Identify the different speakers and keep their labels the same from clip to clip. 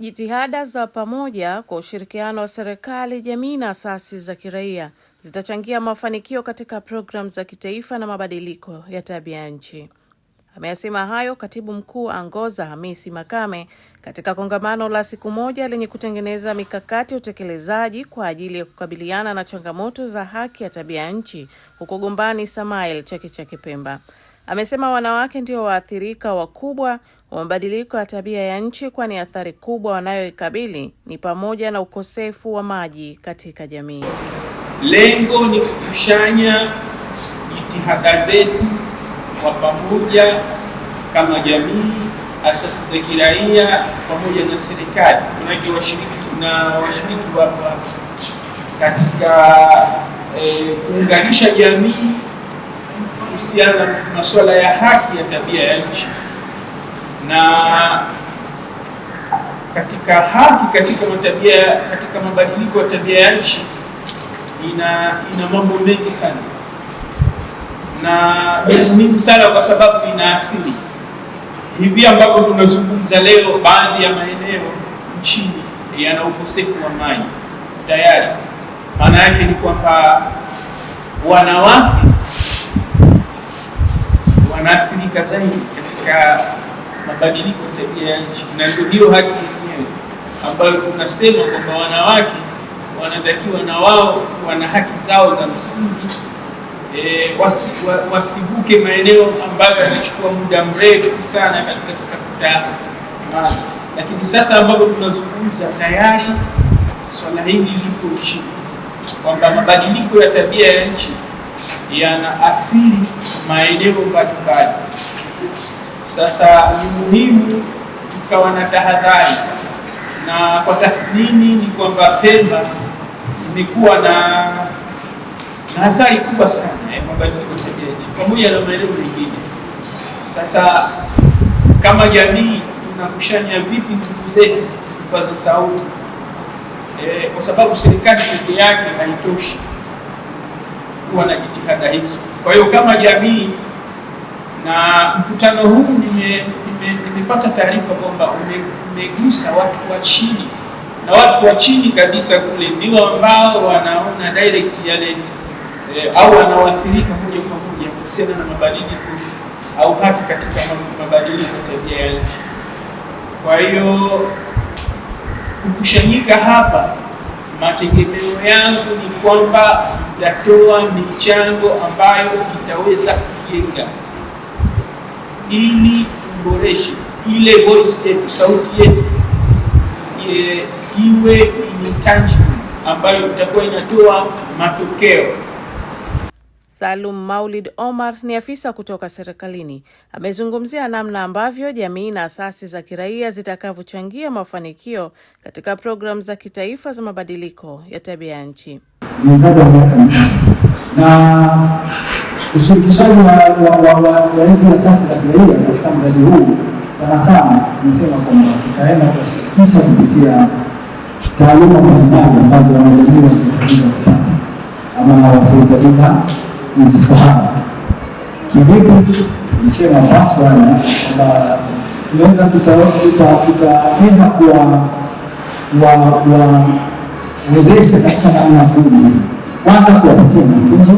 Speaker 1: Jitihada za pamoja kwa ushirikiano wa serikali, jamii na asasi za kiraia zitachangia mafanikio katika programu za kitaifa na mabadiliko ya tabia ya nchi. Ameyasema hayo Katibu Mkuu Angoza Hamisi Makame katika kongamano la siku moja lenye kutengeneza mikakati ya utekelezaji kwa ajili ya kukabiliana na changamoto za haki ya tabia ya nchi huko Gombani Samail Chake Chake Pemba. Amesema wanawake ndio waathirika wakubwa wa mabadiliko ya tabia ya nchi, kwani athari kubwa wanayoikabili ni pamoja na ukosefu wa maji katika jamii.
Speaker 2: Lengo ni kukushanya jitihada zetu kwa pamoja kama jamii, asasi za kiraia pamoja na serikali. Kuna washiriki wa katika eh, kuunganisha jamii kuhusiana masuala ya haki ya tabia ya nchi na katika haki katika matabia, katika mabadiliko ya tabia ya nchi ina ina mambo mengi sana na ni muhimu sana kwa sababu inaathiri hivi ambapo tunazungumza leo, baadhi ya maeneo nchini yana ukosefu wa maji tayari. Maana yake ni kwamba wanawake wanaathirika zaidi katika mabadiliko tabia ya nchi, na ndio hiyo haki yenyewe ambayo tunasema kwamba wanawake wanatakiwa na wao wana haki zao za msingi e, wasi, wa, wasibuke maeneo ambayo yanachukua muda mrefu sana katika kutafuta mali, lakini sasa ambapo tunazungumza tayari swala hili lipo chini kwamba mabadiliko ya tabia ya nchi yanaathiri maeneo mbalimbali. Sasa ni muhimu tukawa na tahadhari, na kwa tathmini ni kwamba Pemba imekuwa na athari kubwa sana ya mabadiliko ya tabia nchi pamoja na maeneo mengine. Sasa kama jamii tunakushanya vipi nguvu zetu kupaza sauti, eh, kwa sababu serikali peke yake haitoshi kuwa na jitihada hizo. Kwa hiyo kama jamii na mkutano huu nimepata nime, taarifa kwamba umegusa watu wa chini na watu wa chini kabisa kule ndio ambao wanaona direct yale eh, au wanaoathirika moja kwa moja kuhusiana na mabadiliko au hata katika mabadiliko ya tabia ya nchi. Kwa hiyo kukushanyika hapa, mategemeo yangu ni kwamba itatoa michango ambayo itaweza kujenga ili tuboreshe ile voice yetu, sauti yetu iwe ni tangible ambayo itakuwa inatoa matokeo.
Speaker 1: Salum Maulid Omar ni afisa kutoka serikalini, amezungumzia namna ambavyo jamii na asasi za kiraia zitakavyochangia mafanikio katika programu za kitaifa za mabadiliko ya tabia ya nchi
Speaker 3: ni mradi wa miaka mitano na ushirikishaji wa hizi asasi za kiraia katika mradi huu sana sana nimesema kwamba tutaenda kuwashirikisha kupitia taaluma mbalimbali ambazo wanajamii watahitajika kupata ama watahitajika kuzifahamu. Kivipi? Nisema paswa kwamba tunaweza tutaenda kuwa wezesha katika namna ngumu, kwanza kuwapatia mafunzo.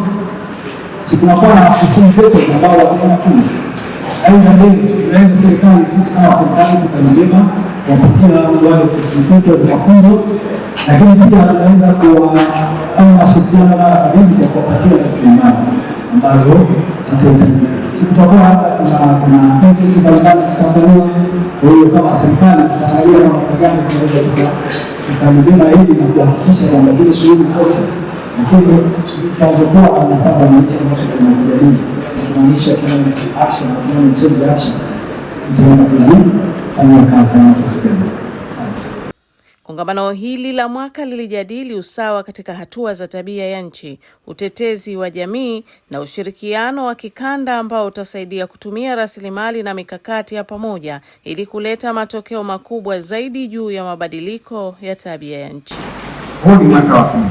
Speaker 3: Sikunakuwa na ofisi zetu za ambao watoka na kumi au tunaweza serikali, sisi kama serikali tukalima kuwapatia wale ofisi zetu za mafunzo, lakini pia tunaweza kuwafanya mashirikiano na akademia kwa kuwapatia rasilimali ambazo zitahitajika sikutakuwa hapa kuna benefits mbalimbali zitaangaliwa. Kwa hiyo kama serikali tutaangalia kwa namna gani tunaweza tukalibima hili na kuhakikisha kwamba zile shughuli zote lakini zitazokuwa saba na nchi ambacho tunajadili kumaanisha kuna action na kuna change action tutaenda kuzifanyia kazi na kuzipenda
Speaker 1: Kongamano hili la mwaka lilijadili usawa katika hatua za tabia ya nchi, utetezi wa jamii na ushirikiano wa kikanda ambao utasaidia kutumia rasilimali na mikakati ya pamoja ili kuleta matokeo makubwa zaidi juu ya mabadiliko ya tabia ya nchi.
Speaker 4: Huu ni mwaka wa pili,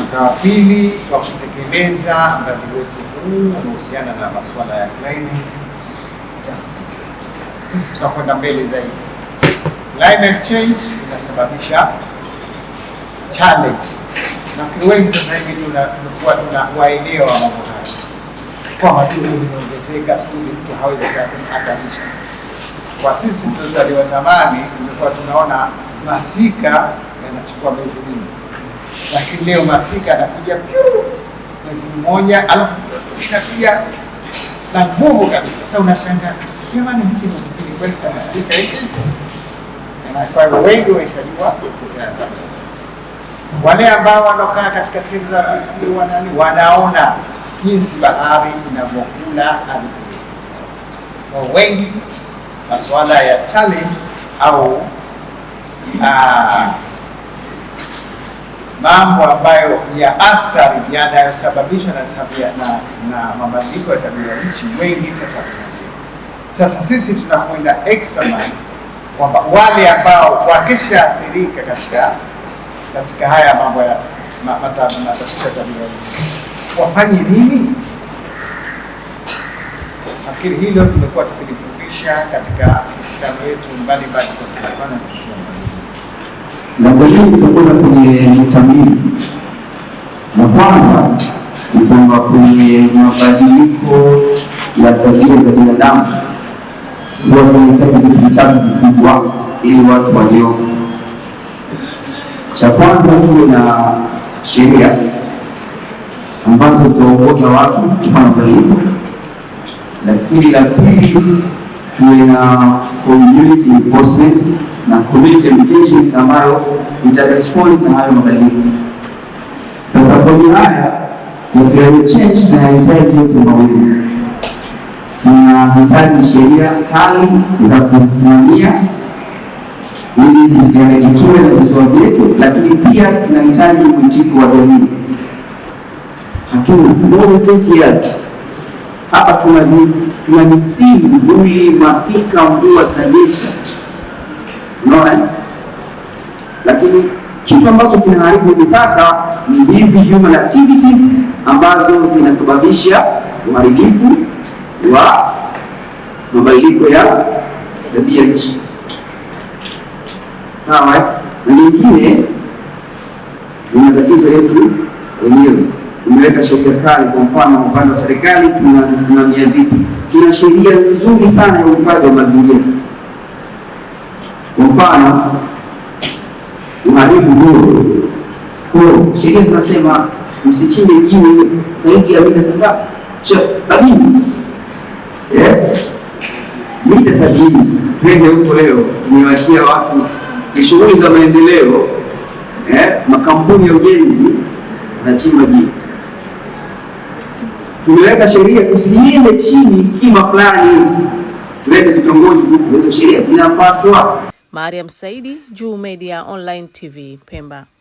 Speaker 4: mwaka wa pili wa kutekeleza mradi wetu huu unahusiana na masuala ya climate justice. Sisi tutakwenda mbele zaidi Climate change inasababisha challenge. Na wengi sasa hivi tunakuwa tunawaelewa mambo haya kwamba joto limeongezeka siku hizi, mtu hawezi akaisha. Kwa sisi tuliozaliwa zamani, tulikuwa tunaona masika yanachukua miezi mingi, lakini leo masika yanakuja mwezi mmoja, alafu inakuja na nguvu kabisa. Sasa unashangaa jamani, hiki ni kweli cha masika hiki na kwa wengi waishajua wale ambao wanaokaa katika sehemu za visiwa nani wanaona jinsi bahari inavyokula ardhi. Kwa wengi masuala ya challenge au aa, ah, mambo ambayo ya athari yanayosababishwa na tabia na, na mabadiliko ya tabia ya nchi wengi sasa. Sasa sisi tunakwenda extra mile kwamba wale ambao wakishaathirika katika katika haya mambo ya matatizo ya tabia wafanye nini? Nafikiri hilo tumekuwa tukilifundisha katika Islamu yetu mbalimbali. Jambo hili tutakwenda kwenye nukta mbili. Na kwanza ni kwamba kwenye mabadiliko ya tabia za binadamu huwa tunahitaji vitu vitatu vikubwa ili watu walio. Cha kwanza tuwe na sheria ambazo zitaongoza watu kufanya mabadiliko, lakini la pili tuwe na community enforcement na community engagement ambayo itaresponse na hayo mabadiliko. Sasa kwenye haya ya change na yanahitaji yote mawili tunahitaji sheria kali za kusimamia ili tusiharibikiwe na visiwa vyetu, lakini pia tunahitaji mwitiko wa jamii. Hatuna hapa, tuna misimu mvuli, masika, mvua zinanyesha, unaona. Lakini kitu ambacho kinaharibu hivi sasa ni hizi human activities ambazo zinasababisha uharibifu wa mabadiliko ya tabia nchi. Sawa, na nyingine ni matatizo yetu wenyewe. Tumeweka sheria kali, kwa mfano upande wa serikali tunazisimamia vipi? Tuna sheria nzuri sana ya uhifadhi wa mazingira, kwa mfano uharibu huo huo, sheria zinasema msichime jiwe zaidi ya mita sabini Mita eh? sabini twende huko leo, niwachia watu ni shughuli za maendeleo yeah. Makampuni ya ujenzi nachimba jini, tumeweka sheria tusiende chini kima fulani, tuende vitongoji huko, hizo sheria zinafuatwa.
Speaker 1: Mariam Saidi, Juu Media Online TV, Pemba.